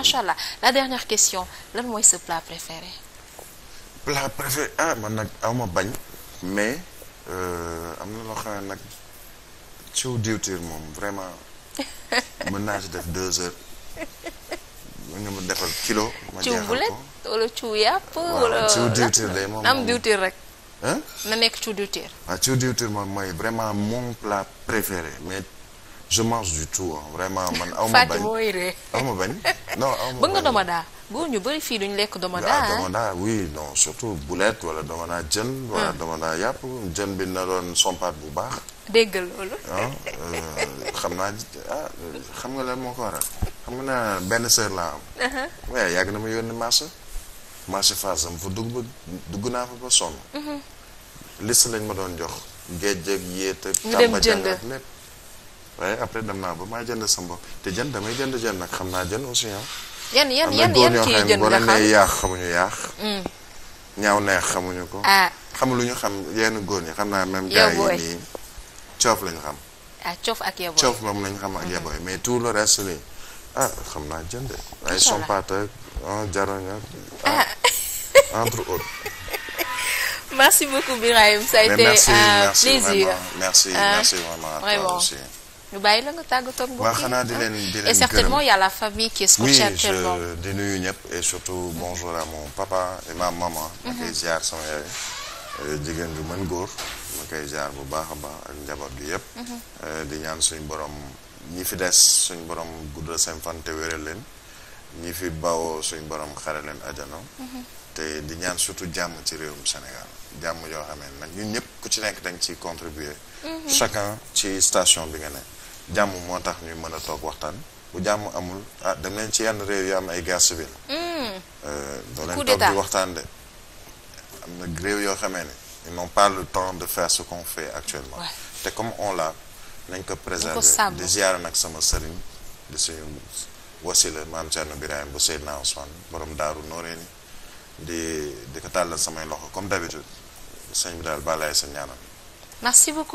macha allah la dernière question lan mooy sa plat préféré. plat préféré ah man nag awma bañ mais euh, am na loo xam ne nag ciw diwtiir moom vraiment mën naa si def deux heures mën nga ma defal kilo. ma jeexal ko ciw bulet wala ciw yàpp. wala ciw diwtiir day moom am diwtiir rek. na nekk ciw diwtiir. waaw ah, ciw diwtiir moom mooy vraiment mon plat préféré mais. je mange du tout vraiment man aw ma bañ Fatou mooy bañ bëgg nga domoda góor ñu bëri fii duñ lekk domoda ah domoda oui non surtout boulette wala domoda jën wala hmm. domoda yàpp jën bi na doon sompat bu baax déggal loolu ah, euh, xam naa ah xam nga leen moo ko waral xam nga naa benn sœur laa am waaye uh-huh. yàgg na ma yónni marché marché Fass am fa dugg ba dugg naa fa ba sonn uh-huh. liste lañ ma doon jox gej ak yéet ak tàmba ak lépp waaye après dem naa ba maa jënd sama te jën damay jënd jën nag xam naa jën aussi ah. yan yan yan yan kii jën nga xam am na góor yaax xamuñu yaax. Mm. ñaaw neex xamuñu ko. ah xam lu ñu xam yenn góor ñi xam naa même. gars yi nii coof lañu xam. ah coof mm-hmm. mais tout le reste lii ah, xam naa jënd de. ay ah, jaroñ ak ah, entre autres. Merci beaucoup, Birahim. Ça a Mais été merci, merci Merci, hein? merci vraiment à toi aussi. ñu bàyyi la nga tàggatoo ak mbokk yi xanaa di leen di leen la famille qui scotche actuellement oui ñëpp et surtout mm-hmm. bonjour papa et ma mm-hmm. sama yaay. Euh, jigéen ju mën góor ma koy jaar bu baax a baax ak njaboot bi yëpp. Mm-hmm. Euh, di ñaan suñ borom ñi fi des suñ borom guddal seen fan te wéral leen ñi fi bawoo suñ borom xare leen ajano te di ñaan surtout jàmm ci réewum Sénégal jàmm yoo xam nag ñun ñëpp ku ci nekk dañ ci contribuer. chacun ci station bi nga ne. jàmm moo tax ñu mën a toog waxtaan bu jàmm amul ah dem leen ci yenn réew yu am ay guerre civile hmm. euh, doo leen toog di waxtaan de am na réew yoo xamee ne ils n'ont pas le temps de faire ce qu'on fait actuellement te comme on l'a nañ ko préserver di ziyaara nag sama sëriñ di suñu wasila maam Thierno Birahim bu naa Ousmane borom daaru nooreeni di di ko tàllal samay loxo comme d'habitude sëñ bi daal balaay sa ñaanam